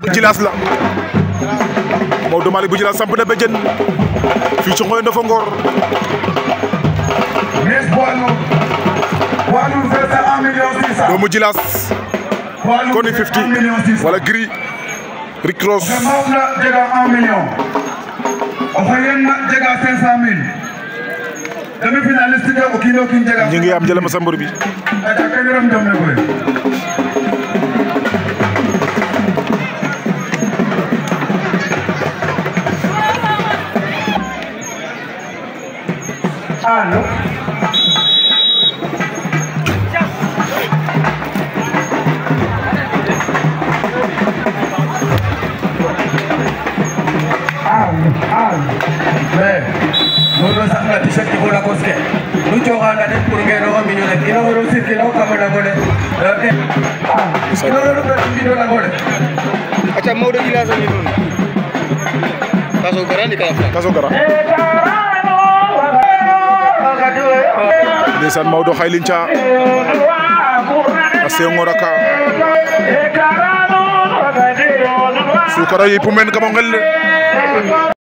bu jilaas la Maodo Malick bu jilaas samp na béjjën fii ci Ngoyandofo Ngor doomu jilaas koni 50 wala gris Rick Ross jega 1 million o xoyenna jega 500000 demi finaliste ke o kiino jega ñi ngi am jëlema sa mbor bi jom आलू Nunozanga tishati bola koske. Nunchoganga net purgero mino net. Ino ro sit kilo kamera gole. Okay. Ino ro ro mino la gole. Acha mau de gila sa mino. Kasogara ni kaya. Kasogara. ndeysaan Maodo Xaylin Ca a seongoraka sukara yipu men kamo ngel